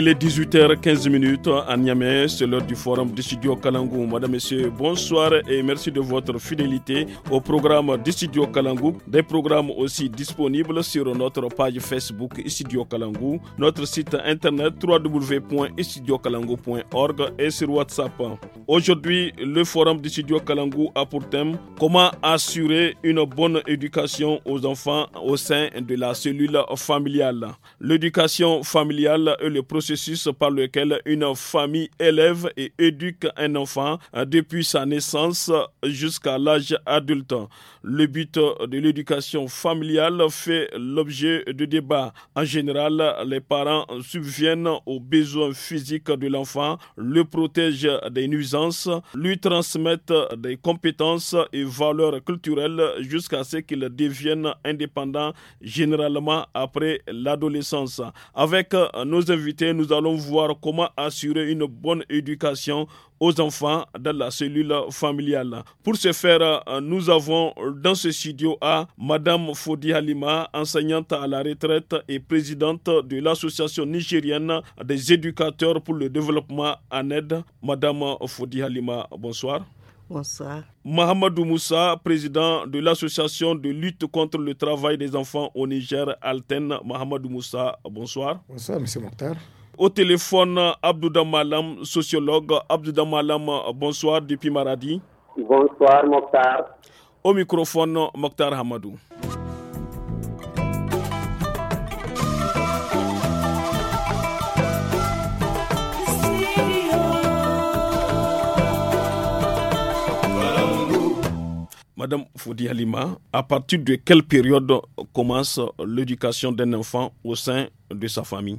Il est 18h15 à Niamey, c'est l'heure du forum d'Istudio Kalangou. Madame, messieurs, bonsoir et merci de votre fidélité au programme d'Istudio Kalangou. Des programmes aussi disponibles sur notre page Facebook Studio Kalangou, notre site internet www.studiokalangu.org et sur WhatsApp. Aujourd'hui, le forum de studio Kalangou a pour thème Comment assurer une bonne éducation aux enfants au sein de la cellule familiale. L'éducation familiale est le processus par lequel une famille élève et éduque un enfant euh, depuis sa naissance jusqu'à l'âge adulte. Le but de l'éducation familiale fait l'objet de débats. En général, les parents subviennent aux besoins physiques de l'enfant, le protègent des nuisances, lui transmettent des compétences et valeurs culturelles jusqu'à ce qu'il devienne indépendant généralement après l'adolescence. Avec nos invités, nous allons voir comment assurer une bonne éducation aux enfants dans la cellule familiale. Pour ce faire, nous avons dans ce studio à Madame Fodi Halima, enseignante à la retraite et présidente de l'association nigérienne des éducateurs pour le développement en aide. Madame Fodi Halima, bonsoir. Bonsoir. Mohamedou Moussa, président de l'association de lutte contre le travail des enfants au Niger, Alten. Mohamedou Moussa, bonsoir. Bonsoir, Monsieur Mokhtar. Au téléphone, Abdou Malam, sociologue. Abdou Damalam, bonsoir depuis Maradi. Bonsoir Mokhtar. Au microphone, Mokhtar Hamadou. Madame Foudi Halima, à partir de quelle période commence l'éducation d'un enfant au sein de sa famille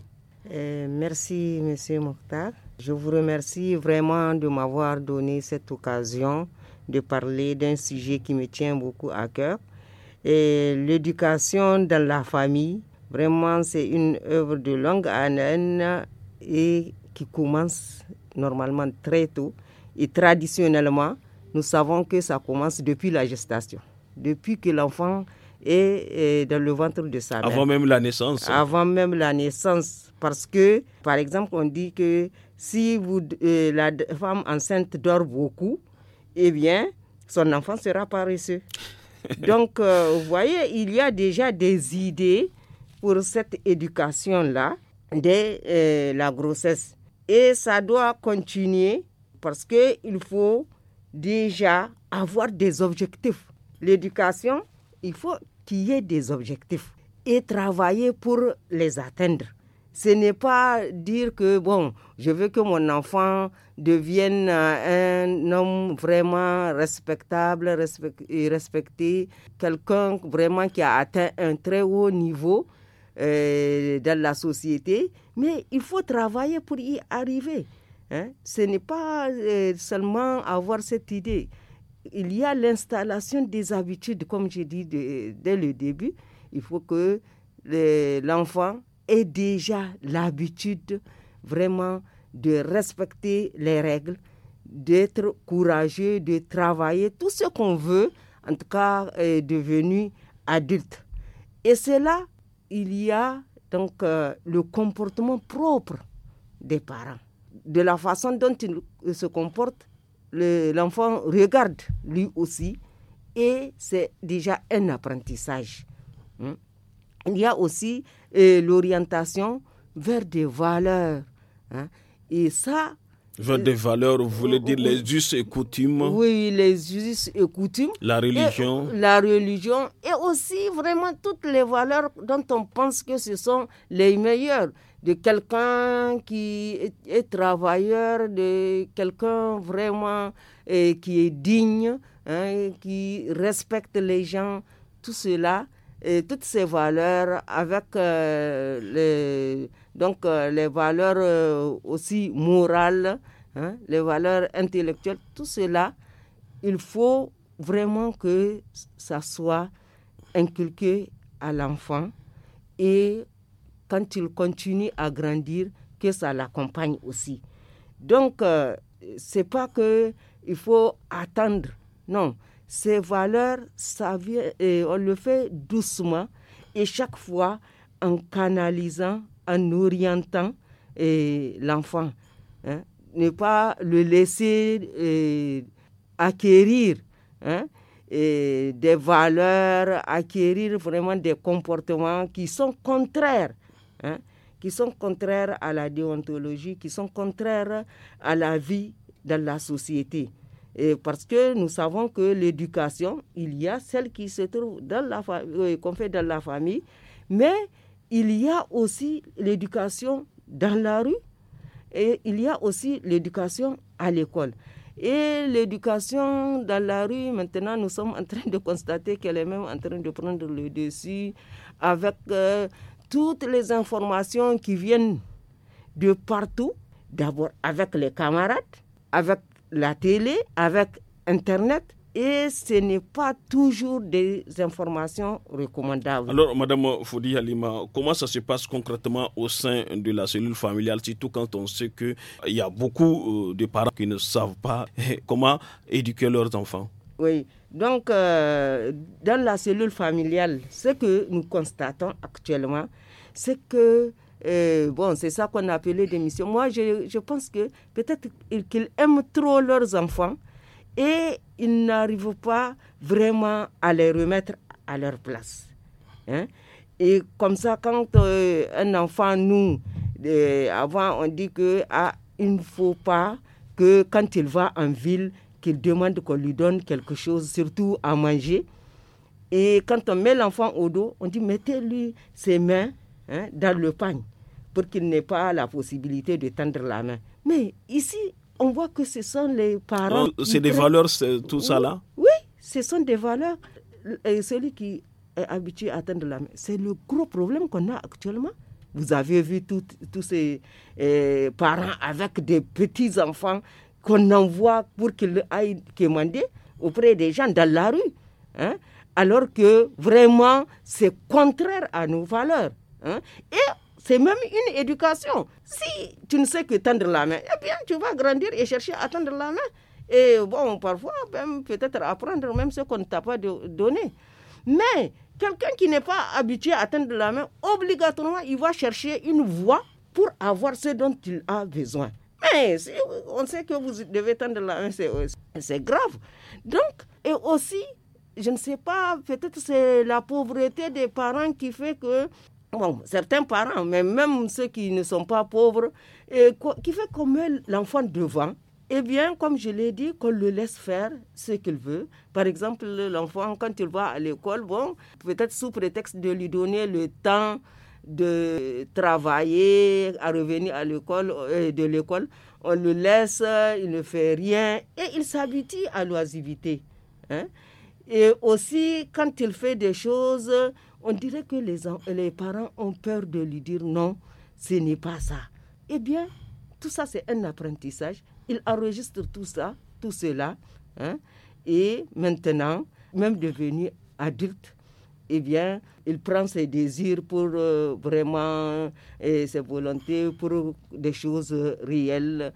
euh, merci, Monsieur Mokhtar. Je vous remercie vraiment de m'avoir donné cette occasion de parler d'un sujet qui me tient beaucoup à cœur. Et l'éducation dans la famille, vraiment, c'est une œuvre de longue haleine et qui commence normalement très tôt. Et traditionnellement, nous savons que ça commence depuis la gestation, depuis que l'enfant et, dans le ventre de sa mère. Avant même la naissance. Avant même la naissance. Parce que, par exemple, on dit que si vous, euh, la femme enceinte dort beaucoup, eh bien, son enfant sera paresseux. Donc, euh, vous voyez, il y a déjà des idées pour cette éducation-là dès euh, la grossesse. Et ça doit continuer parce qu'il faut déjà avoir des objectifs. L'éducation, il faut qu'il y ait des objectifs et travailler pour les atteindre. Ce n'est pas dire que, bon, je veux que mon enfant devienne euh, un homme vraiment respectable et respecté, quelqu'un vraiment qui a atteint un très haut niveau euh, dans la société, mais il faut travailler pour y arriver. Hein. Ce n'est pas euh, seulement avoir cette idée il y a l'installation des habitudes, comme j'ai dit dès le début. Il faut que l'enfant ait déjà l'habitude vraiment de respecter les règles, d'être courageux, de travailler, tout ce qu'on veut, en tout cas devenu adulte. Et cela il y a donc euh, le comportement propre des parents, de la façon dont ils se comportent l'enfant regarde lui aussi et c'est déjà un apprentissage. Hmm. Il y a aussi euh, l'orientation vers des valeurs. Hein. Et ça... Vers des valeurs, vous voulez euh, dire les us et coutumes Oui, les us et coutumes. La religion. la religion et aussi vraiment toutes les valeurs dont on pense que ce sont les meilleures de quelqu'un qui est, travailleur, de quelqu'un vraiment et qui est digne, hein, qui respecte les gens, tout cela, et toutes ces valeurs avec euh, les, donc, euh, les valeurs euh, aussi morales, hein, les valeurs intellectuelles, tout cela, il faut vraiment que ça soit inculqué à l'enfant et quand il continue à grandir, que ça l'accompagne aussi. Donc, ce euh, c'est pas que il faut attendre. Non, ces valeurs, ça vient, on le fait doucement et chaque fois en canalisant, en orientant l'enfant. Hein, ne pas le laisser acquérir hein, et des valeurs, acquérir vraiment des comportements qui sont contraires Hein, qui sont contraires à la déontologie, qui sont contraires à la vie dans la société. Et parce que nous savons que l'éducation, il y a celle qui se trouve dans la euh, qu'on fait dans la famille, mais il y a aussi l'éducation dans la rue et il y a aussi l'éducation à l'école. Et l'éducation dans la rue, maintenant, nous sommes en train de constater qu'elle est même en train de prendre le dessus avec euh, toutes les informations qui viennent de partout, d'abord avec les camarades, avec la télé, avec Internet, et ce n'est pas toujours des informations recommandables. Alors, Madame Foudi Halima, comment ça se passe concrètement au sein de la cellule familiale, surtout quand on sait qu'il y a beaucoup euh, de parents qui ne savent pas comment éduquer leurs enfants Oui, donc, euh, dans la cellule familiale, ce que nous constatons actuellement, c'est que, euh, bon, c'est ça qu'on appelait des Moi, je, je pense que peut-être qu'ils aiment trop leurs enfants et ils n'arrivent pas vraiment à les remettre à leur place. Hein. Et comme ça, quand euh, un enfant, nous, avant, on dit que ah, ne faut pas que quand il va en ville, qu'il demande qu'on lui donne quelque chose, surtout à manger. Et quand on met l'enfant au dos, on dit mettez-lui ses mains hein, dans le pagne pour qu'il n'ait pas la possibilité de tendre la main. Mais ici, on voit que ce sont les parents. Oh, c'est des valeurs, tout ça là Oui, ce sont des valeurs. Et celui qui est habitué à tendre la main, c'est le gros problème qu'on a actuellement. Vous avez vu tous ces eh, parents avec des petits-enfants qu'on envoie pour qu'il aille demander auprès des gens dans la rue. Hein, alors que vraiment, c'est contraire à nos valeurs. Hein. Et c'est même une éducation. Si tu ne sais que tendre la main, eh bien, tu vas grandir et chercher à tendre la main. Et bon, parfois, peut-être apprendre même ce qu'on ne t'a pas donné. Mais quelqu'un qui n'est pas habitué à tendre la main, obligatoirement, il va chercher une voie pour avoir ce dont il a besoin. Mais on sait que vous devez tendre la main, c'est grave. Donc, et aussi, je ne sais pas, peut-être c'est la pauvreté des parents qui fait que, bon, certains parents, mais même ceux qui ne sont pas pauvres, et qui fait qu'on met l'enfant devant. et eh bien, comme je l'ai dit, qu'on le laisse faire ce qu'il veut. Par exemple, l'enfant, quand il va à l'école, bon, peut-être sous prétexte de lui donner le temps de travailler, à revenir à l'école, euh, de l'école. On le laisse, il ne fait rien et il s'habitue à l'oisiveté. Hein. Et aussi, quand il fait des choses, on dirait que les, les parents ont peur de lui dire non, ce n'est pas ça. Eh bien, tout ça, c'est un apprentissage. Il enregistre tout ça, tout cela. Hein. Et maintenant, même devenu adulte, eh bien, il prend ses désirs pour euh, vraiment, et ses volontés pour des choses réelles.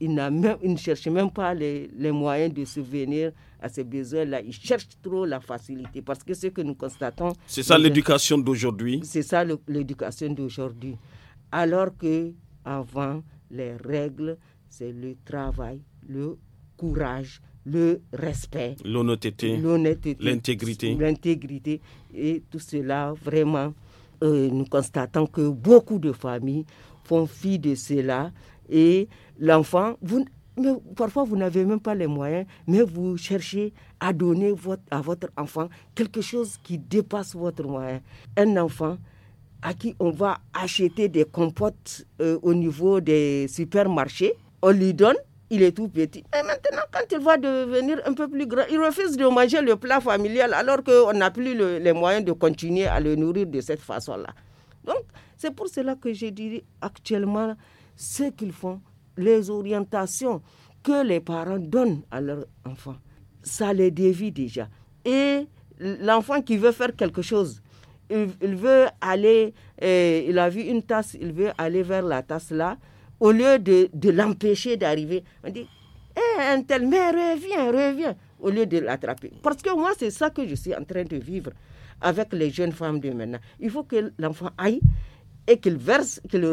il, même, ne cherche même pas les, moyens de subvenir à ses besoins-là. Il cherche trop la facilité parce que ce que nous constatons. C'est ça l'éducation d'aujourd'hui. C'est ça l'éducation d'aujourd'hui. Alors que avant les règles, c'est le travail, le courage, le respect, l'honnêteté, l'intégrité. L'intégrité. Et tout cela, vraiment, euh, nous constatons que beaucoup de familles font fi de cela. Et l'enfant, vous, parfois vous n'avez même pas les moyens, mais vous cherchez à donner à votre enfant quelque chose qui dépasse votre moyen. Un enfant à qui on va acheter des compotes euh, au niveau des supermarchés, on lui donne il est tout petit. Et maintenant, quand il va devenir un peu plus grand, il refuse de manger le plat familial alors qu'on n'a plus les moyens de continuer à le nourrir de cette façon-là. Donc, c'est pour cela que je dis actuellement ce qu'ils font, les orientations que les parents donnent à leurs enfants, ça les dévie déjà. Et l'enfant qui veut faire quelque chose, il, veut aller, euh, il a vu une tasse, il veut aller vers la tasse là au lieu de, de l'empêcher d'arriver, on dit eh un tel, mais reviens, reviens, au lieu de l'attraper. Parce que moi, c'est ça que je suis en train de vivre avec les jeunes femmes de maintenant. Il faut que l'enfant aille et qu'il verse, qu'il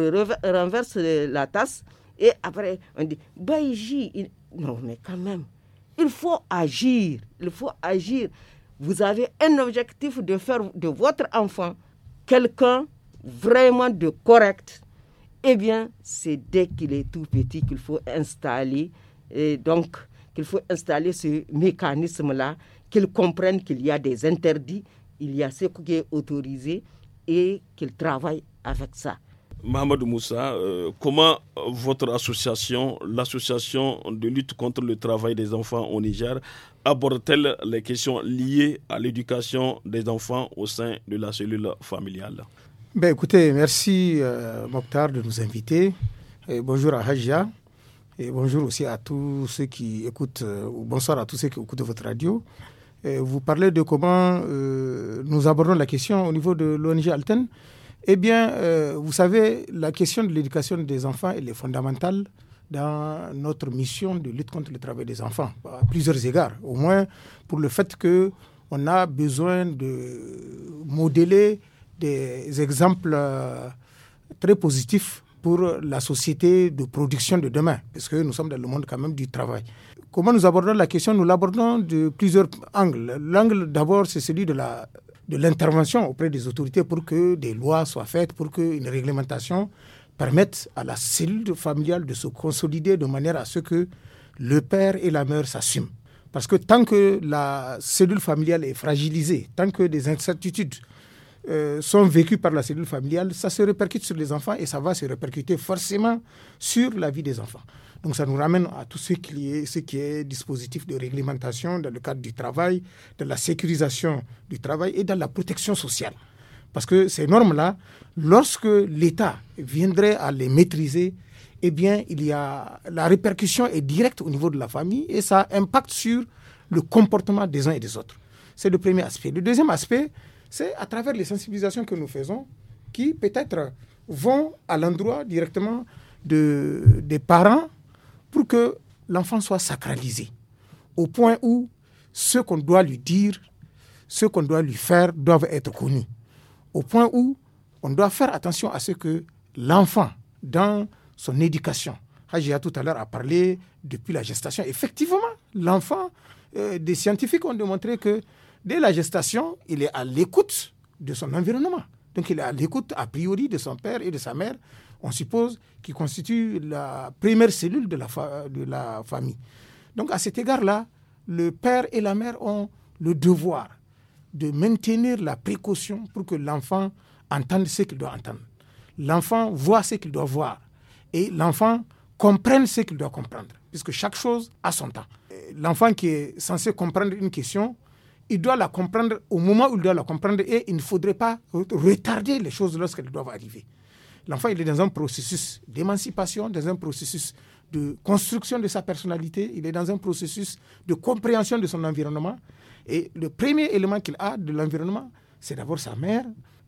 renverse la tasse. Et après, on dit Baïji, il... non, mais quand même, il faut agir, il faut agir. Vous avez un objectif de faire de votre enfant quelqu'un vraiment de correct eh bien, c'est dès qu'il est tout petit qu'il faut installer, et donc, qu'il faut installer ce mécanisme-là, qu'il comprenne qu'il y a des interdits, il y a ce qui est autorisé et qu'il travaille avec ça. Mohamed Moussa, euh, comment votre association, l'association de lutte contre le travail des enfants au Niger, aborde-t-elle les questions liées à l'éducation des enfants au sein de la cellule familiale ben, écoutez, merci euh, Mokhtar de nous inviter. bonjour à Hajia. Et bonjour aussi à tous ceux qui écoutent, euh, ou bonsoir à tous ceux qui écoutent votre radio. vous parlez de comment euh, nous abordons la question au niveau de l'ONG Alten. Eh bien, vous savez, la question de l'éducation des enfants, elle est fondamentale dans notre mission de lutte contre le travail des enfants, à plusieurs égards. Au moins pour le fait que on a besoin de modeler des exemples euh, très positifs pour la société de production de demain, parce que nous sommes dans le monde quand même du travail. Comment nous abordons la question Nous l'abordons de plusieurs angles. L'angle d'abord, c'est celui de la de l'intervention auprès des autorités pour que des lois soient faites, pour qu'une réglementation permette à la cellule familiale de se consolider de manière à ce que le père et la mère s'assument. Parce que tant que la cellule familiale est fragilisée, tant que des incertitudes euh, sont vécus par la cellule familiale, ça se répercute sur les enfants et ça va se répercuter forcément sur la vie des enfants. Donc ça nous ramène à tout ce qui est, ce qui est dispositif de réglementation dans le cadre du travail, de la sécurisation du travail et de la protection sociale. Parce que ces normes-là, lorsque l'État viendrait à les maîtriser, eh bien, il y a la répercussion est directe au niveau de la famille et ça impacte sur le comportement des uns et des autres. C'est le premier aspect. Le deuxième aspect, c'est à travers les sensibilisations que nous faisons qui peut-être vont à l'endroit directement de, des parents pour que l'enfant soit sacralisé, au point où ce qu'on doit lui dire, ce qu'on doit lui faire doivent être connus, au point où on doit faire attention à ce que l'enfant, dans son éducation, Hajia tout à l'heure a parlé depuis la gestation, effectivement, l'enfant, euh, des scientifiques ont démontré que Dès la gestation, il est à l'écoute de son environnement. Donc il est à l'écoute a priori de son père et de sa mère, on suppose, qui constituent la première cellule de la, de la famille. Donc à cet égard-là, le père et la mère ont le devoir de maintenir la précaution pour que l'enfant entende ce qu'il doit entendre. L'enfant voit ce qu'il doit voir. Et l'enfant comprenne ce qu'il doit comprendre. Puisque chaque chose a son temps. L'enfant qui est censé comprendre une question il doit la comprendre au moment où il doit la comprendre et il ne faudrait pas retarder les choses lorsqu'elles doivent arriver. L'enfant, il est dans un processus d'émancipation, dans un processus de construction de sa personnalité, il est dans un processus de compréhension de son environnement. Et le premier élément qu'il a de l'environnement, c'est d'abord sa mère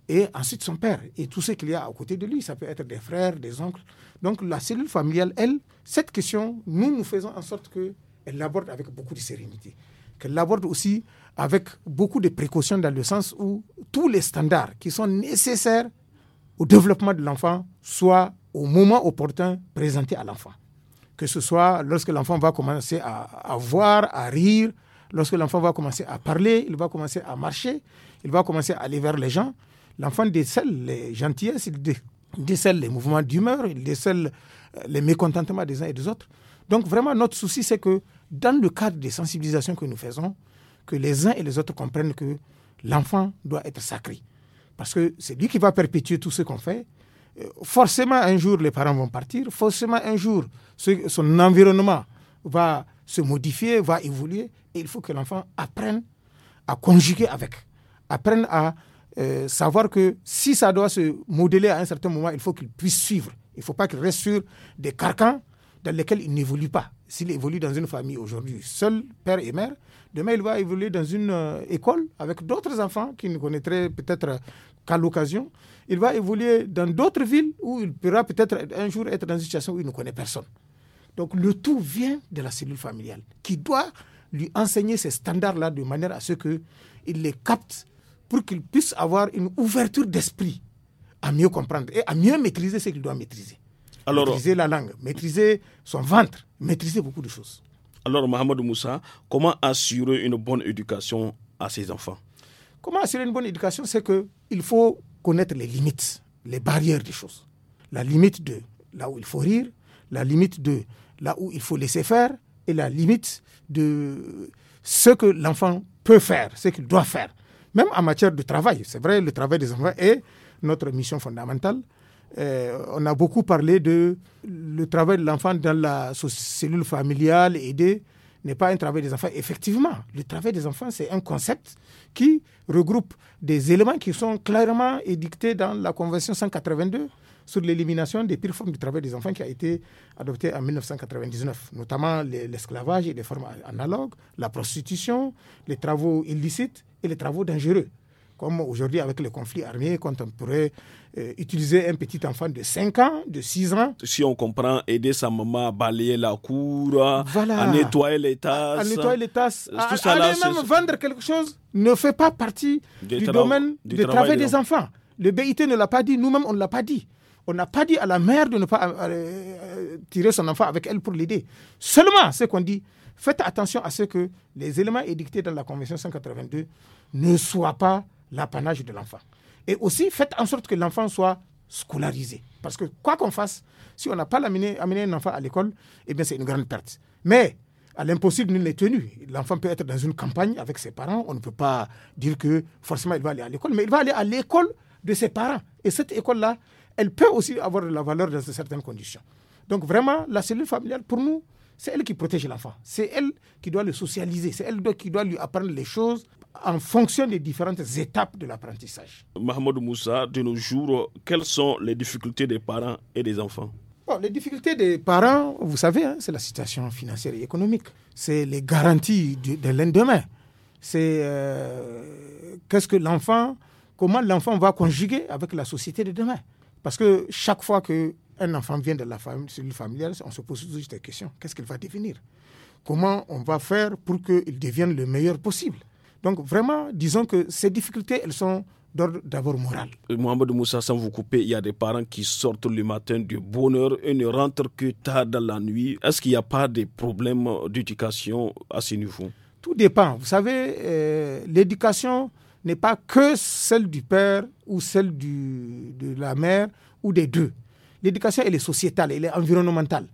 et ensuite son père et tout ce qu'il y a à côté de lui. Ça peut être des frères, des oncles. Donc la cellule familiale, elle, cette question, nous, nous faisons en sorte qu'elle l'aborde avec beaucoup de sérénité qu'elle l'aborde aussi avec beaucoup de précautions dans le sens où tous les standards qui sont nécessaires au développement de l'enfant soient au moment opportun présentés à l'enfant. Que ce soit lorsque l'enfant va commencer à, à, voir, à rire, lorsque l'enfant va commencer à parler, il va commencer à marcher, il va commencer à aller vers les gens. L'enfant décèle les gentillesses, il décèle les mouvements d'humeur, il décèle euh, les mécontentements des uns et des autres. Donc vraiment, notre souci, c'est que dans le cadre des sensibilisations que nous faisons, que les uns et les autres comprennent que l'enfant doit être sacré. Parce que c'est lui qui va perpétuer tout ce qu'on fait. Euh, forcément, un jour, les parents vont partir. Forcément, un jour, son environnement va se modifier, va évoluer. Et il faut que l'enfant apprenne à conjuguer avec, apprenne à euh, savoir que si ça doit se modeler à un certain moment, il faut qu'il puisse suivre. Il ne faut pas qu'il reste sur des carcans dans lesquels il n'évolue pas. S'il évolue dans une famille aujourd'hui, seul père et mère, demain il va évoluer dans une euh, école avec d'autres enfants qu'il ne connaîtrait peut-être qu'à l'occasion. Il va évoluer dans d'autres villes où il pourra peut-être un jour être dans une situation où il ne connaît personne. Donc le tout vient de la cellule familiale qui doit lui enseigner ces standards-là de manière à ce qu'il les capte pour qu'il puisse avoir une ouverture d'esprit à mieux comprendre et à mieux maîtriser ce qu'il doit maîtriser maîtriser la langue, maîtriser son ventre, maîtriser beaucoup de choses. Alors, Mohamed Moussa, comment assurer une bonne éducation à ses enfants Comment assurer une bonne éducation C'est qu'il faut connaître les limites, les barrières des choses. La limite de là où il faut rire, la limite de là où il faut laisser faire, et la limite de ce que l'enfant peut faire, ce qu'il doit faire. Même en matière de travail, c'est vrai, le travail des enfants est notre mission fondamentale. Euh, on a beaucoup parlé de le travail de l'enfant dans la cellule familiale de n'est pas un travail des enfants. Effectivement, le travail des enfants, c'est un concept qui regroupe des éléments qui sont clairement édictés dans la Convention 182 sur l'élimination des pires formes de travail des enfants qui a été adoptée en 1999, notamment l'esclavage et des formes analogues, la prostitution, les travaux illicites et les travaux dangereux comme aujourd'hui avec les conflits armés, quand euh, utiliser un petit enfant de 5 ans, de 6 ans. Si on comprend, aider sa maman à balayer la cour, à nettoyer les tasses. À, même vendre quelque chose ne fait pas partie du domaine du de travail, des enfants. Le BIT ne l'a pas dit, nous-mêmes on ne l'a pas dit. On n'a pas dit à la mère de ne pas euh, euh, tirer son enfant avec elle pour l'aider. Seulement, ce qu'on dit, faites attention à ce que les éléments édictés dans la Convention 182 ne soient pas l'apanage de l'enfant. Et aussi, faites en sorte que l'enfant soit scolarisé. Parce que quoi qu'on fasse, si on n'a pas amené, amené, un enfant à l'école, eh bien, c'est une grande perte. Mais à l'impossible, nul n'est tenu. L'enfant peut être dans une campagne avec ses parents. On ne peut pas dire que forcément il va aller à l'école, mais il va aller à l'école de ses parents. Et cette école-là, elle peut aussi avoir de la valeur dans certaines conditions. Donc vraiment, la cellule familiale, pour nous, c'est elle qui protège l'enfant. C'est elle qui doit le socialiser. C'est elle qui doit lui apprendre les choses en fonction des différentes étapes de l'apprentissage. Mahmoud Moussa, de nos jours, quelles sont les difficultés des parents et des enfants Les difficultés des parents, vous savez, hein, c'est la situation financière et économique, c'est les garanties de, de l'endemain, c'est euh, qu'est-ce que l'enfant, comment l'enfant va conjuguer avec la société de demain. Parce que chaque fois qu'un enfant vient de la famille, familiale, on se pose toujours des question, Qu'est-ce qu'il va devenir Comment on va faire pour qu'il devienne le meilleur possible donc vraiment, disons que ces difficultés, elles sont d'ordre d'abord moral. Euh, Mohamed Moussa, sans vous couper, il y a des parents qui sortent le matin du bonheur et ne rentrent que tard dans la nuit. Est-ce qu'il n'y a pas des problèmes d'éducation à ce niveau Tout dépend. Vous savez, euh, l'éducation n'est pas que celle du père ou celle du, de la mère ou des deux. L'éducation, elle est sociétale, elle est environnementale.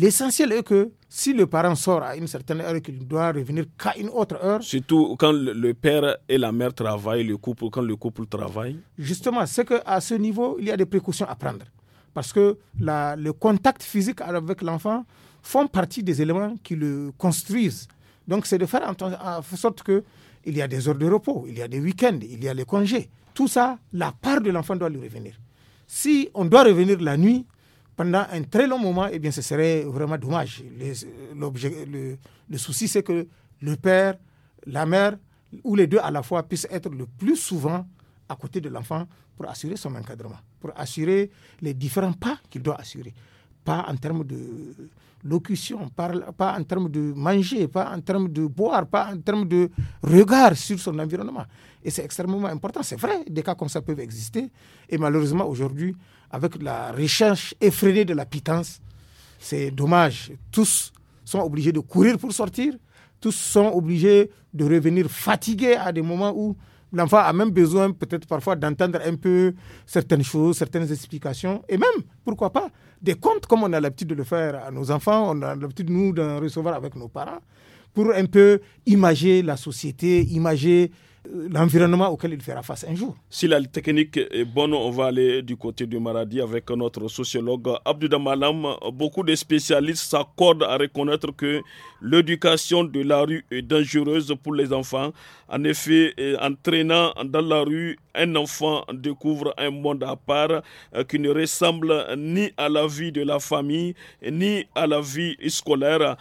L'essentiel est que si le parent sort à une certaine heure et qu'il doit revenir qu'à une autre heure. Surtout quand le père et la mère travaillent, le couple, quand le couple travaille. Justement, c'est qu'à ce niveau, il y a des précautions à prendre. Parce que le contact physique avec l'enfant font partie des éléments qui le construisent. Donc, c'est de faire en, sorte que il y a des heures de repos, il y a des week-ends, il y a les congés. Tout ça, la part de l'enfant doit lui revenir. Si on doit revenir la nuit, pendant un très long moment, et eh bien, ce serait vraiment dommage. le, le, souci, c'est que le père, la mère, ou les deux à la fois, puissent être le plus souvent à côté de l'enfant pour assurer son encadrement, pour assurer les différents pas qu'il doit assurer. Pas en termes de locution, pas en termes de manger, pas en termes de boire, pas en termes de regard sur son environnement. Et c'est extrêmement important. C'est vrai, des cas comme ça peuvent exister. Et malheureusement, aujourd'hui, avec la recherche effrénée de la pitance. C'est dommage. Tous sont obligés de courir pour sortir. Tous sont obligés de revenir fatigués à des moments où l'enfant a même besoin peut-être parfois d'entendre un peu certaines choses, certaines explications, et même, pourquoi pas, des comptes comme on a l'habitude de le faire à nos enfants, on a l'habitude, nous, d'en recevoir avec nos parents, pour un peu imager la société, imager euh, l'environnement auquel il fera face un jour. Si la technique est bonne, on va aller du côté du Maradi avec notre sociologue Abdou Damalam. Beaucoup de spécialistes s'accordent à reconnaître que l'éducation de la rue est dangereuse pour les enfants. En effet, euh, en traînant dans la rue, un enfant découvre un monde à part euh, qui ne ressemble ni à la vie de la famille ni à la vie scolaire.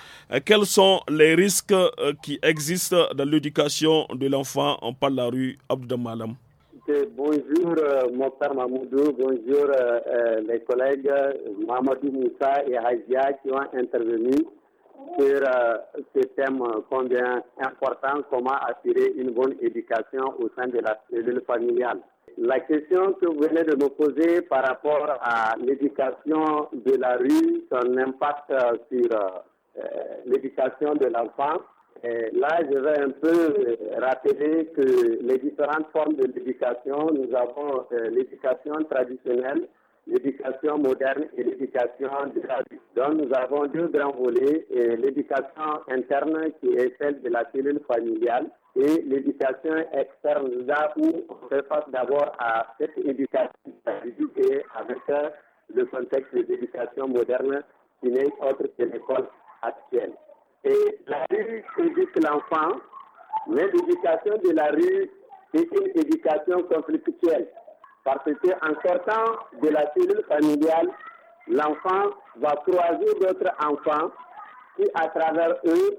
Quels sont les risques qui existent dans l'éducation de l'enfant on parle la rue Abdamalam. bonjour Bonjour euh, père Mamoudou, bonjour euh, euh, les collègues Mamadou Moussa et Hajia qui ont intervenu sur ce thème combien important, comment assurer une bonne éducation au sein de la cellule familiale. La question que vous venez de me poser par rapport à l'éducation de la rue, son impact sur l'éducation de l'enfant, là, je vais un peu euh, rappeler que les différentes formes de l'éducation, nous avons euh, l'éducation traditionnelle, l'éducation moderne et l'éducation traditionnelle. Donc nous avons deux grands volets, l'éducation interne qui est celle de la cellule familiale et l'éducation externe, là où on fait face d'abord à cette éducation avec euh, le contexte de l'éducation moderne qui n'est autre que l'école actuelle. Et la rue éduque l'enfant, mais l'éducation de la rue est une éducation conflictuelle. Parce qu'en sortant de la cellule familiale, l'enfant va croiser d'autres enfants et à travers eux,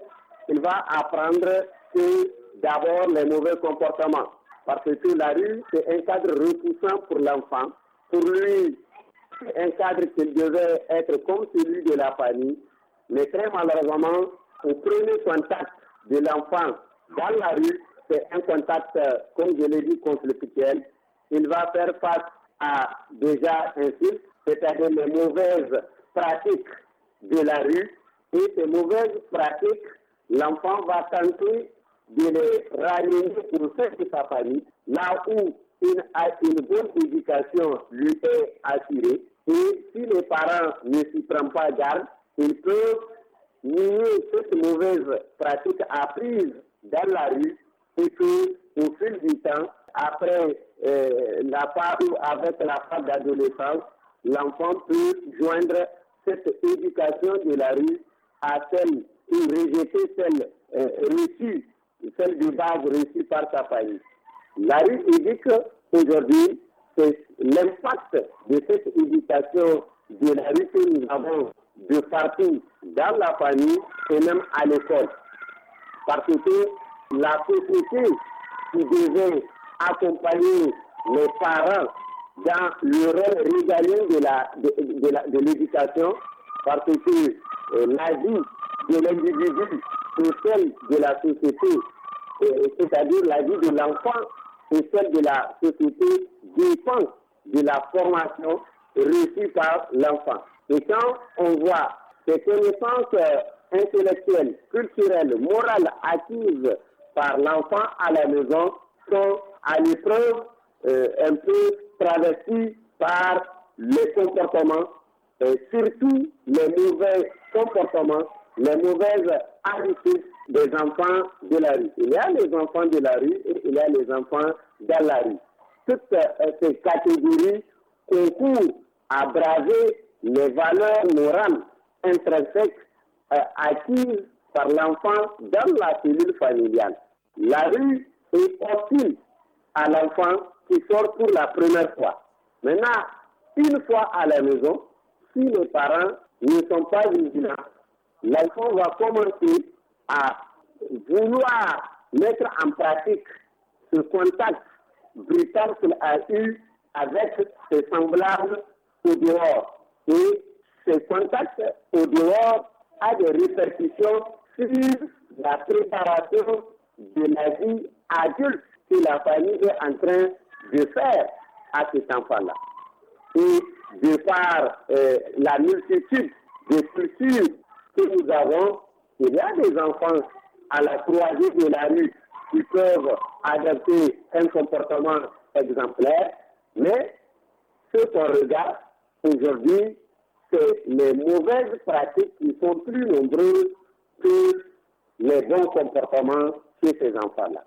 il va apprendre que d'abord les mauvais comportements. Parce que la rue, c'est un cadre repoussant pour l'enfant. Pour lui, c'est un cadre qui devait être comme celui de la famille. Mais très malheureusement, au premier contact de l'enfant dans la rue, c'est un contact, euh, comme je l'ai dit, conflictuel. Il va faire face à déjà ainsi, c'est-à-dire les mauvaises pratiques de la rue. Et ces mauvaises pratiques, l'enfant va tenter de les rallier pour faire de sa famille, là où une, une bonne éducation lui est assurée. Et si les parents ne s'y prennent pas garde, ils peuvent nier cette mauvaise pratique apprise dans la rue et que, au fil du temps, après euh, la part ou avec la part d'adolescence, l'enfant peut joindre cette éducation de la rue à celle ou rejeter celle euh, reçue, celle de base reçue par sa famille. La rue éduque aujourd'hui, c'est l'impact de cette éducation de la rue que nous avons de partir dans la famille et même à l'école. Parce que la société qui devait accompagner les parents dans le rôle régalien de la de, l'éducation, parce que euh, la vie de l'individu c'est celle de la société, euh, c'est-à-dire la vie de l'enfant et celle de la société dépend de la formation reçue par l'enfant. Et quand on voit ces connaissances euh, intellectuelles, culturelles, morales acquises par l'enfant à la maison sont à l'épreuve euh, un peu traversées par les comportements, surtout les mauvais comportements, les mauvaises habitudes des enfants de la rue. Il y a les enfants de la rue et il y a les enfants dans la rue. Toutes euh, ces catégories concourent à braver les valeurs morales intrinsèques euh, acquises par l'enfant dans la cellule familiale. La rue est hostile à l'enfant qui sort pour la première fois. Maintenant, une fois à la maison, si les parents ne sont pas vigilants, l'enfant va commencer à vouloir mettre en pratique ce contact brutal qu'il a eu avec ses semblables au dehors et ce contact au dehors a des répercussions sur la préparation de la vie adulte que la famille est en train de faire à cet enfant-là. Et de par euh, la multitude de structures que nous avons, il y a des enfants à la croisée de la rue qui peuvent adapter un comportement exemplaire, mais ce qu'on regarde, Aujourd'hui, c'est les mauvaises pratiques qui sont plus nombreuses que les bons comportements chez ces enfants-là.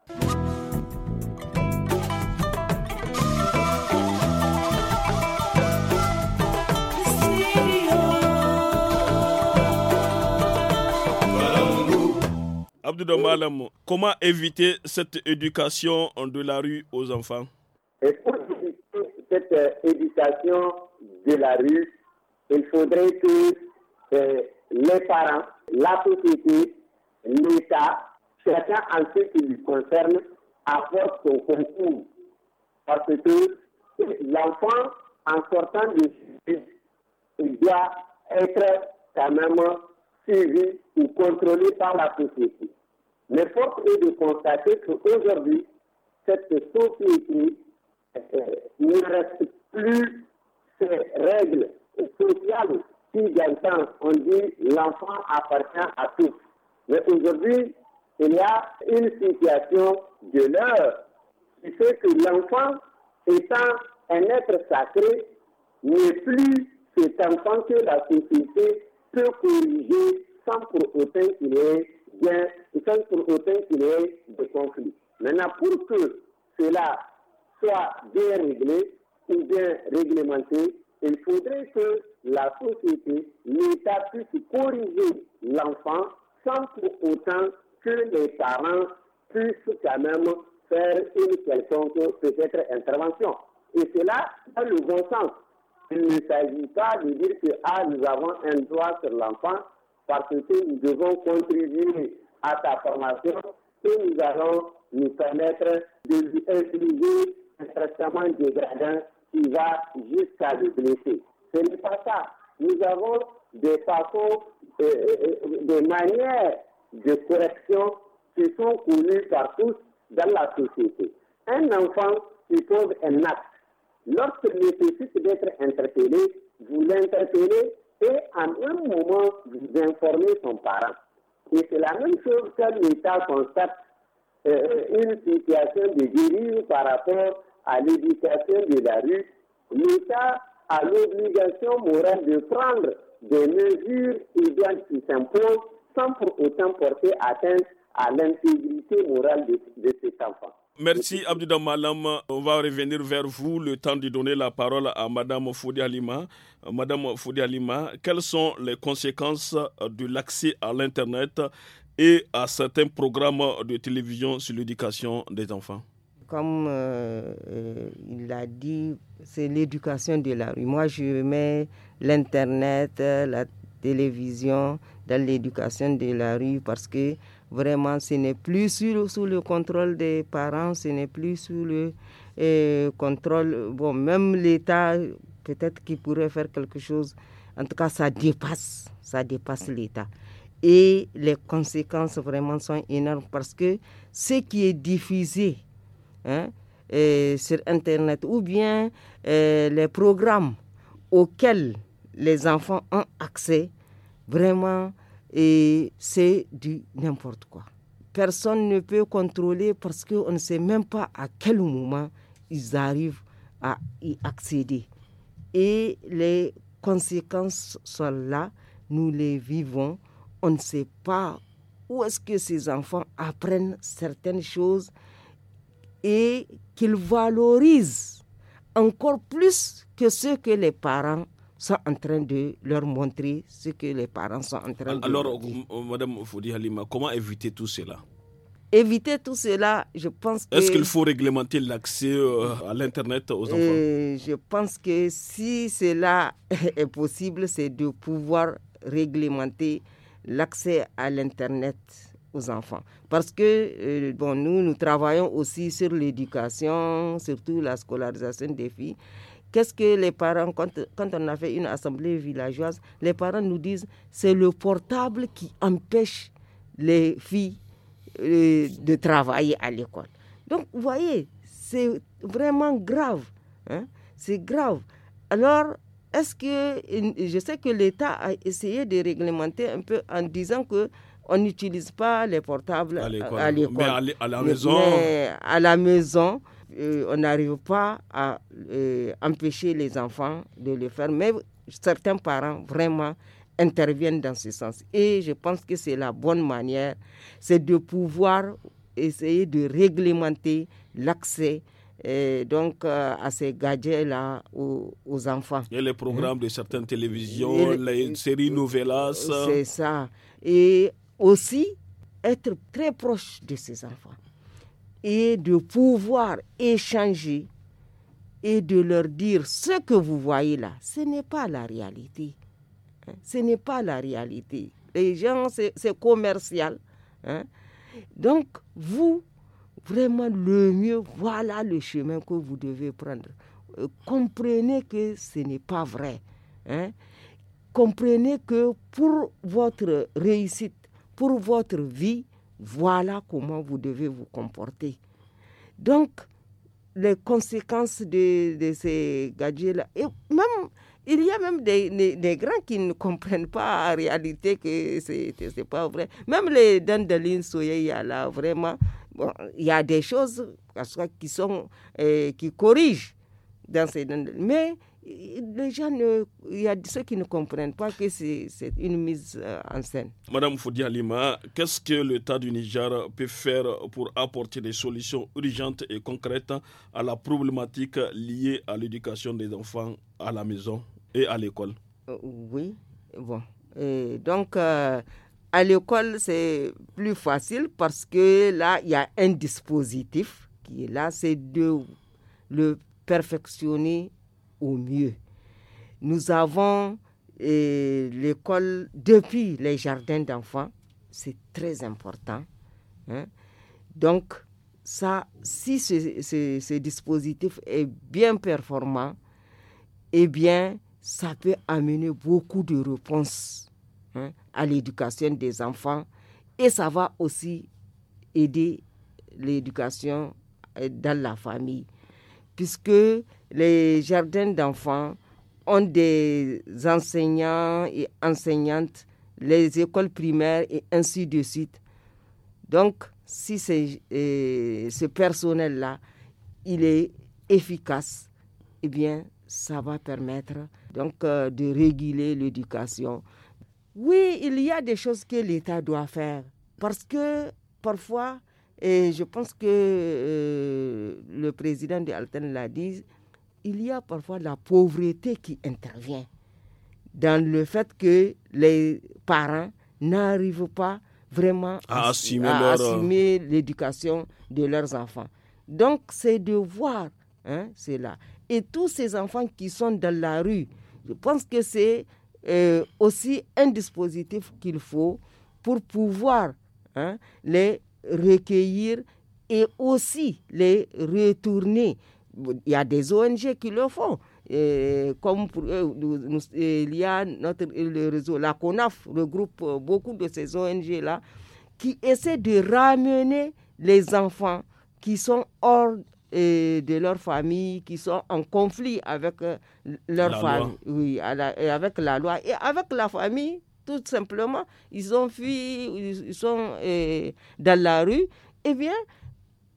Abdou Malam, comment éviter cette éducation de la rue aux enfants Et pour éviter cette euh, éducation de la rue, il faudrait que euh, les parents, la société, l'État, chacun en ce qui lui concerne, apporte son concours. Parce que l'enfant, en sortant de justice, il doit être quand même suivi ou contrôlé par la société. Mais force est de constater qu'aujourd'hui, cette société euh, ne reste plus règle règles sociales qui, dans on dit l'enfant appartient à tous. Mais aujourd'hui, il y a une situation de l'heure qui fait que l'enfant, étant un être sacré, n'est plus cet enfant que la société peut corriger sans pour autant qu'il ait bien, sans pour qu'il ait de conflit. Maintenant, pour que cela soit bien réglé, ou bien réglementé il faudrait que la société, l'État puisse corriger l'enfant sans pour autant que les parents puissent quand même faire une quelconque peut-être intervention. Et cela a le bon sens. Il ne s'agit pas de dire que ah, nous avons un droit sur l'enfant parce que nous devons contribuer à sa formation et nous allons nous permettre de lui infliger un traitement dégradant qui va jusqu'à le blesser. Ce n'est pas ça. Nous avons des façons, euh, euh, des manières de correction qui sont connues par tous dans la société. Un enfant qui trouve un acte, lorsqu'il nécessite d'être interpellé, vous l'interpellez et en un moment, vous informez son parent. Et c'est la même chose que l'État constate euh, une situation de dérive par rapport à l'éducation de la rue, l'État a l'obligation morale de prendre des mesures idéales qui s'imposent sans pour autant porter atteinte à l'intégrité morale de, ces enfants. Merci Abdou Malam. On va revenir vers vous le temps de donner la parole à Madame Foudi Madame Foudi quelles sont les conséquences de l'accès à l'Internet et à certains programmes de télévision sur l'éducation des enfants comme euh, euh, il l'a dit, c'est l'éducation de la rue. Moi, je mets l'Internet, la télévision dans l'éducation de la rue parce que vraiment, ce n'est plus sous, le contrôle des parents, ce n'est plus sous le euh, contrôle. Bon, même l'État, peut-être qu'il pourrait faire quelque chose. En tout cas, ça dépasse, ça dépasse l'État. Et les conséquences vraiment sont énormes parce que ce qui est diffusé, Hein, sur Internet ou bien euh, les programmes auxquels les enfants ont accès, vraiment, c'est du n'importe quoi. Personne ne peut contrôler parce qu'on ne sait même pas à quel moment ils arrivent à y accéder. Et les conséquences sont là, nous les vivons, on ne sait pas où est-ce que ces enfants apprennent certaines choses et qu'ils valorisent encore plus que ce que les parents sont en train de leur montrer, ce que les parents sont en train Alors, de leur dire. Alors, euh, Madame Foudi Halima, comment éviter tout cela Éviter tout cela, je pense que... Est-ce qu'il faut réglementer l'accès euh, à l'Internet aux euh, enfants Je pense que si cela est possible, c'est de pouvoir réglementer l'accès à l'Internet aux enfants. Parce que euh, bon, nous, nous travaillons aussi sur l'éducation, surtout la scolarisation des filles. Qu'est-ce que les parents, quand, quand, on a fait une assemblée villageoise, les parents nous disent c'est le portable qui empêche les filles euh, de travailler à l'école. Donc, vous voyez, c'est vraiment grave. Hein. C'est grave. Alors, est-ce que je sais que l'État a essayé de réglementer un peu en disant que on n'utilise pas les portables à l'école. Mais à, la maison. à la maison, on n'arrive pas à euh, empêcher les enfants de le faire. Mais certains parents, vraiment, interviennent dans ce sens. Et je pense que c'est la bonne manière, c'est de pouvoir essayer de réglementer l'accès euh, donc euh, à ces gadgets-là aux, enfants. Et les programmes de certaines télévisions, les séries nouvelles. C'est ça. Et aussi être très proche de ses enfants et de pouvoir échanger et de leur dire ce que vous voyez là, ce n'est pas la réalité. Hein. Ce n'est pas la réalité. Les gens, c'est commercial. Hein. Donc, vous, vraiment le mieux, voilà le chemin que vous devez prendre. Euh, comprenez que ce n'est pas vrai. Hein. Comprenez que pour votre réussite, pour votre vie, voilà comment vous devez vous comporter. Donc, les conséquences de, de ces gadgets-là, et même, il y a même des, grands qui ne comprennent pas la réalité que ce n'est pas vrai. Même les Dandelines a là, vraiment, bon, il y a des choses qui, sont, euh, qui corrigent dans ces Dandelines. Mais il y a ceux qui ne comprennent pas que c'est une mise euh, en scène. Madame Foudia Lima, qu'est-ce que l'État du Niger peut faire pour apporter des solutions urgentes et concrètes à la problématique liée à l'éducation des enfants à la maison et à l'école euh, Oui, bon. donc, euh, à l'école, c'est plus facile parce que là, il y a un dispositif qui est là, c'est de le perfectionner au mieux. Nous avons l'école depuis les jardins d'enfants, c'est très important. Hein. Donc, ça, si ce, dispositif est bien performant, et eh bien, ça peut amener beaucoup de réponses hein, à l'éducation des enfants et ça va aussi aider l'éducation euh, dans la famille, puisque les jardins d'enfants ont des enseignants et enseignantes, les écoles primaires et ainsi de suite. Donc, si euh, ce personnel-là, il est efficace, eh bien, ça va permettre donc euh, de réguler l'éducation. Oui, il y a des choses que l'État doit faire parce que parfois, et je pense que euh, le président de Alten l'a dit, il y a parfois la pauvreté qui intervient dans le fait que les parents n'arrivent pas vraiment à euh, assumer, l'éducation de leurs enfants. Donc c'est de voir hein, cela. Et tous ces enfants qui sont dans la rue, je pense que c'est euh, aussi un dispositif qu'il faut pour pouvoir hein, les recueillir et aussi les retourner il y a des ONG qui le font. Et comme euh, il y a notre, euh, le réseau, la CONAF regroupe euh, beaucoup de ces ONG-là qui essaient de ramener les enfants qui sont hors de leur famille, qui sont en conflit avec leur la famille, oui, et avec la loi et avec la famille, tout simplement. Ils ont fui, ils sont dans la rue. Eh bien,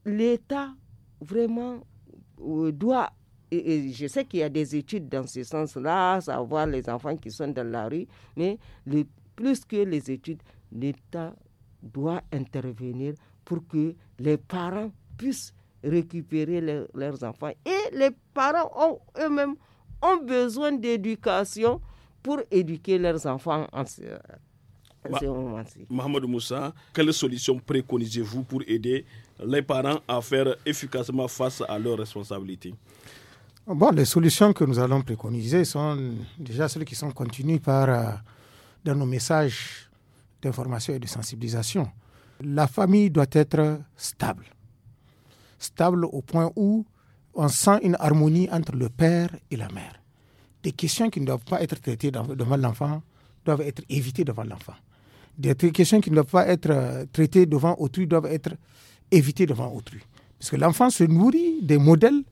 l'État vraiment euh, doit et je sais qu'il y a des études dans ce sens-là, savoir les enfants qui sont dans la rue, mais plus que les études, l'État doit intervenir pour que les parents puissent récupérer leurs enfants. Et les parents ont, eux-mêmes ont besoin d'éducation pour éduquer leurs enfants en ce, bah, moment-ci. Mohamed Moussa, quelles solutions préconisez-vous pour aider les parents à faire efficacement face à leurs responsabilités Bon, les solutions que nous allons préconiser sont déjà celles qui sont continues par, euh, dans nos messages d'information et de sensibilisation. La famille doit être stable. Stable au point où on sent une harmonie entre le père et la mère. Des questions qui ne doivent pas être traitées devant l'enfant doivent être évitées devant l'enfant. Des questions qui ne doivent pas être euh, traitées devant autrui doivent être éviter devant autrui. Parce que l'enfant se nourrit des modèles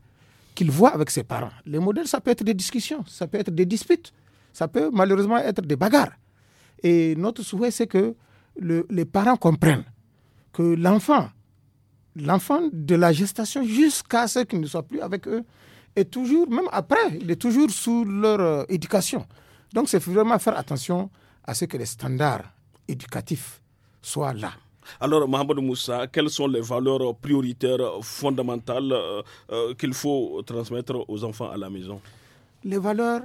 qu'il voit avec ses parents. Les modèles, ça peut être des discussions, ça peut être des disputes, ça peut malheureusement être des bagarres. Et notre souhait, c'est que les parents comprennent que l'enfant, l'enfant de la gestation jusqu'à ce qu'il ne soit plus avec eux, est toujours, même après, il est toujours sous leur euh, éducation. Donc, c'est vraiment faire attention à ce que les standards éducatifs soient là. Alors, Mohamed Moussa, quelles sont les valeurs prioritaires fondamentales euh, euh, qu'il faut transmettre aux enfants à la maison Les valeurs,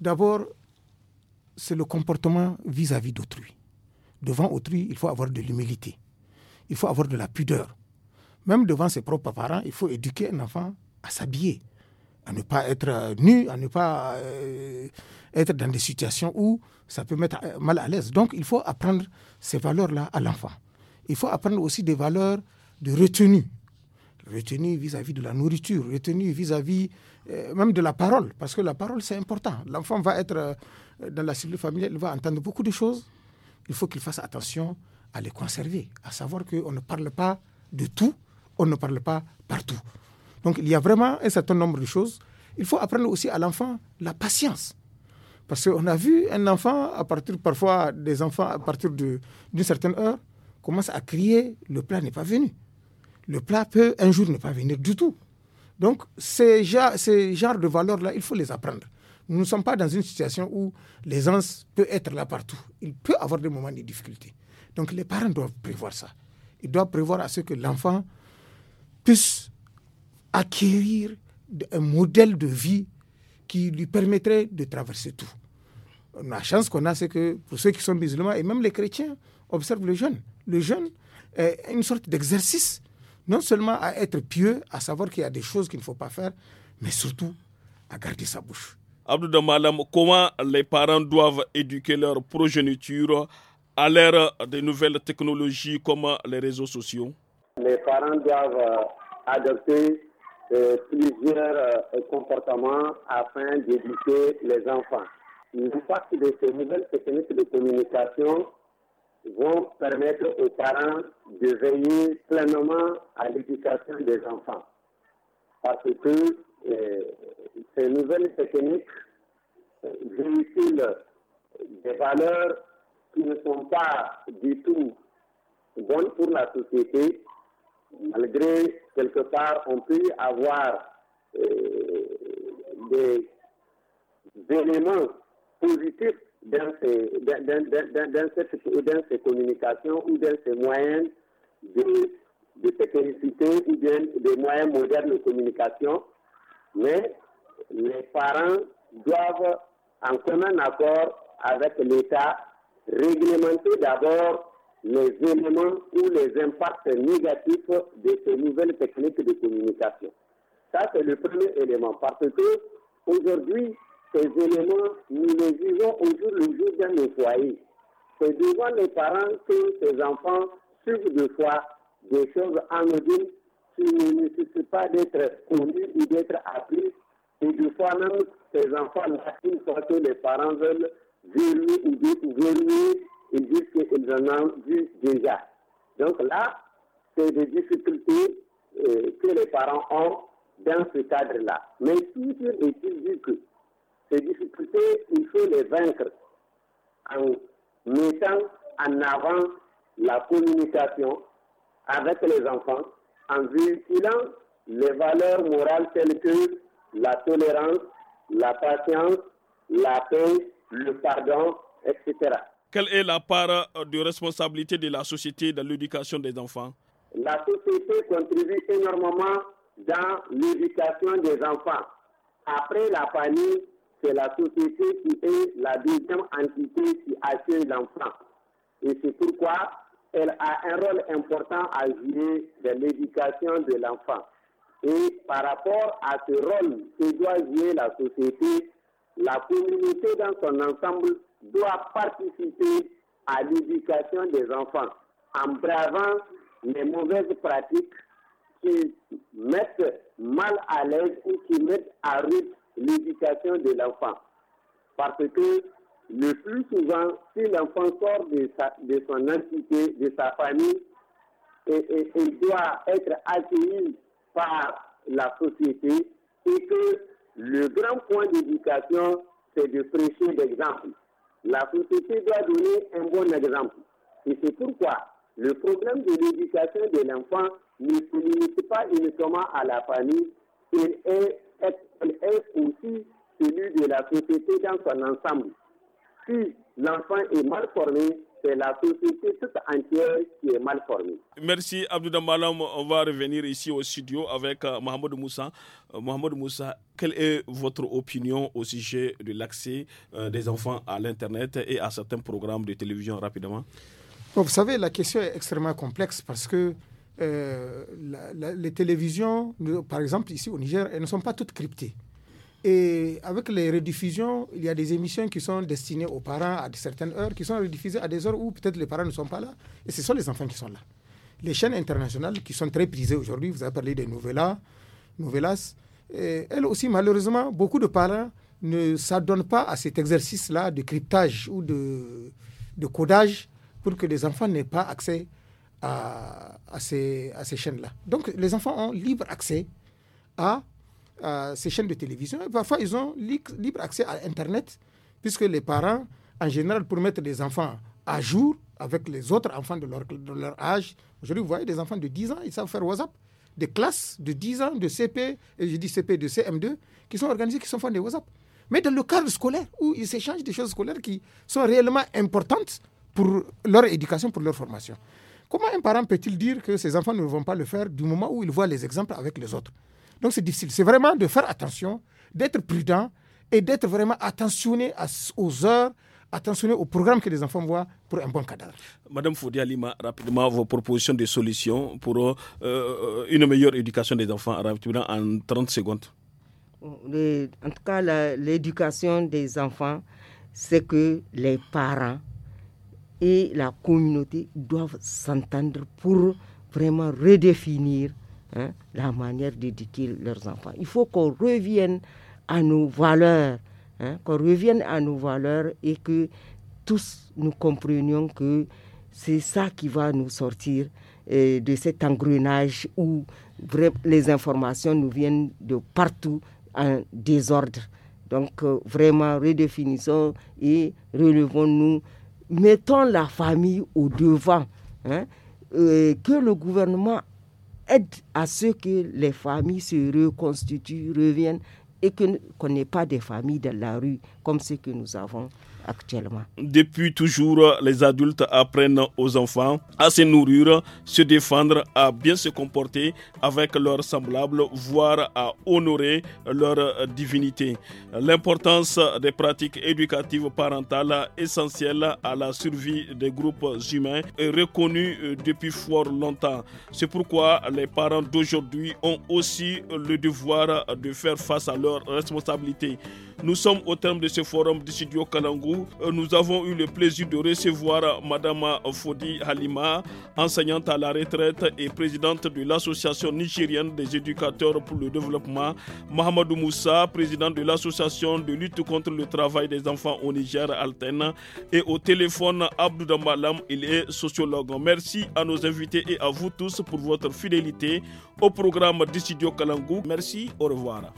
d'abord, c'est le comportement vis-à-vis d'autrui. Devant autrui, il faut avoir de l'humilité, il faut avoir de la pudeur. Même devant ses propres parents, il faut éduquer un enfant à s'habiller, à ne pas être euh, nu, à ne pas être dans des situations où ça peut mettre mal à l'aise. Donc, il faut apprendre ces valeurs-là à l'enfant il faut apprendre aussi des valeurs de retenue. Retenue vis-à-vis de la nourriture, retenue vis-à-vis euh, même de la parole, parce que la parole, c'est important. L'enfant va être euh, dans la cellule familiale, il va entendre beaucoup de choses. Il faut qu'il fasse attention à les conserver, à savoir qu'on ne parle pas de tout, on ne parle pas partout. Donc il y a vraiment un certain nombre de choses. Il faut apprendre aussi à l'enfant la patience. Parce qu'on a vu un enfant, à partir parfois des enfants à partir d'une certaine heure, commence à crier, le plat n'est pas venu. Le plat peut un jour ne pas venir du tout. Donc, ces, ces genres de valeurs-là, il faut les apprendre. Nous ne sommes pas dans une situation où l'aisance peut être là partout. Il peut avoir des moments de difficulté. Donc, les parents doivent prévoir ça. Ils doivent prévoir à ce que l'enfant puisse acquérir un modèle de vie qui lui permettrait de traverser tout. La chance qu'on a, c'est que pour ceux qui sont musulmans et même les chrétiens, observent le jeûne le jeune euh, une sorte d'exercice, non seulement à être pieux, à savoir qu'il y a des choses qu'il ne faut pas faire, mais surtout à garder sa bouche. Abdou Damalam, comment les parents doivent éduquer leur progéniture à l'ère des nouvelles technologies comme les réseaux sociaux Les parents doivent euh, adopter euh, plusieurs comportements afin d'éduquer les enfants. pas de ces nouvelles techniques de communication vont permettre aux parents de veiller pleinement à l'éducation des enfants. Parce que euh, ces nouvelles techniques véhiculent des valeurs qui ne sont pas du tout bonnes pour la société, malgré quelque part on peut avoir euh, des éléments positifs dans ces, dans, ces communications ou dans ces moyens de, de sécurité ou bien des moyens modernes de communication, mais les parents doivent, en commun accord avec l'État, réglementer d'abord les éléments ou les impacts négatifs de ces nouvelles techniques de communication. Ça, c'est le premier élément, parce que aujourd'hui, ces éléments, nous les vivons au jour le jour dans nos foyers. C'est devant les parents que ces enfants suivent de fois des choses anodines qui ne nécessitent pas d'être connues ou d'être apprises. Et des fois même, ces enfants une fois que les parents veulent venir ou découvrir, ils disent qu'ils en ont vu déjà. Donc là, c'est des difficultés euh, que les parents ont dans ce cadre-là. Mais toujours est-il que ces difficultés, il faut les vaincre en mettant en avant la communication avec les enfants, en véhiculant les valeurs morales telles que la tolérance, la patience, la paix, le pardon, etc. Quelle est la part euh, de responsabilité de la société dans l'éducation des enfants La société contribue énormément dans l'éducation des enfants. Après la famille, c'est la société qui est la deuxième entité qui accueille l'enfant. Et c'est pourquoi elle a un rôle important à jouer dans l'éducation de l'enfant. Et par rapport à ce rôle que doit jouer la société, la communauté dans son ensemble doit participer à l'éducation des enfants en bravant les mauvaises pratiques qui mettent mal à l'aise ou qui mettent à risque l'éducation de l'enfant. Parce que le plus souvent, si l'enfant sort de, sa, de son entité, de sa famille, et, et, doit être accueilli par la société, et que le grand point d'éducation, c'est de prêcher l'exemple. La société doit donner un bon exemple. Et c'est pourquoi le problème de l'éducation de l'enfant ne se limite pas uniquement à la famille, il est mais est aussi celui de la société dans son ensemble. Si l'enfant est mal formé, c'est la société toute entière qui est mal formée. Merci Abdou On va revenir ici au studio avec euh, Mohamed Moussa. Euh, Mohamed Moussa, quelle est votre opinion au sujet de l'accès euh, des enfants à l'Internet et à certains programmes de télévision rapidement Vous savez, la question est extrêmement complexe parce que euh, les télévisions, par exemple ici au Niger, elles ne sont pas toutes cryptées. Et avec les rediffusions, il y a des émissions qui sont destinées aux parents à certaines heures, qui sont rediffusées à des heures où peut-être les parents ne sont pas là, et ce sont les enfants qui sont là. Les chaînes internationales qui sont très prisées aujourd'hui, vous avez parlé des Novelas, elles aussi, malheureusement, beaucoup de parents ne s'adonnent pas à cet exercice-là de cryptage ou de, de codage pour que les enfants n'aient pas accès à, ces, à ces chaînes-là. Donc les enfants ont libre accès à, ces chaînes de télévision. parfois, ils ont libre accès à Internet, puisque les parents, en général, pour mettre les enfants à jour avec les autres enfants de leur, de leur âge, aujourd'hui, vous voyez des enfants de 10 ans, ils savent faire WhatsApp des classes de 10 ans, de CP, et je dis CP, de CM2, qui sont organisées, qui sont fondés WhatsApp. Mais dans le cadre scolaire, où ils s'échangent des choses scolaires qui sont réellement importantes pour leur éducation, pour leur formation. Comment un parent peut-il dire que ses enfants ne vont pas le faire du moment où il voit les exemples avec les autres Donc c'est difficile. C'est vraiment de faire attention, d'être prudent et d'être vraiment attentionné aux heures, attentionné au programme que les enfants voient pour un bon cadavre. Madame Foudia rapidement vos propositions de solutions pour euh, euh, une meilleure éducation des enfants rapidement en 30 secondes. en tout cas, l'éducation des enfants, c'est que les parents et la communauté doivent s'entendre pour vraiment redéfinir hein, la manière d'éduquer leurs enfants. Il faut qu'on revienne à nos valeurs, hein, qu'on revienne à nos valeurs et que tous nous comprenions que c'est ça qui va nous sortir euh, de cet engrenage où les informations nous viennent de partout en désordre. Donc euh, vraiment redéfinissons et relevons-nous mettons la famille au devant, hein, euh, que le gouvernement aide à ce que les familles se reconstituent, reviennent et qu'on n'ait pas des familles dans la rue comme ce que nous avons actuellement. Depuis toujours, les adultes apprennent aux enfants à se nourrir, se défendre, à bien se comporter avec leurs semblables, voire à honorer leur divinité. L'importance des pratiques éducatives parentales essentielles à la survie des groupes humains est reconnue depuis fort longtemps. C'est pourquoi les parents d'aujourd'hui ont aussi le devoir de faire face à leurs responsabilités. Nous sommes au terme de ce forum du studio Kalango euh, nous avons eu le plaisir de recevoir euh, Madame Fodi Halima, enseignante à la retraite et présidente de l'Association nigérienne des éducateurs pour le développement, Mohamedou Moussa, président de l'Association de lutte contre le travail des enfants au Niger, Alten, et au téléphone Abdou Dambalam, il est sociologue. Merci à nos invités et à vous tous pour votre fidélité au programme d'Issidio Kalangou. Merci, au revoir.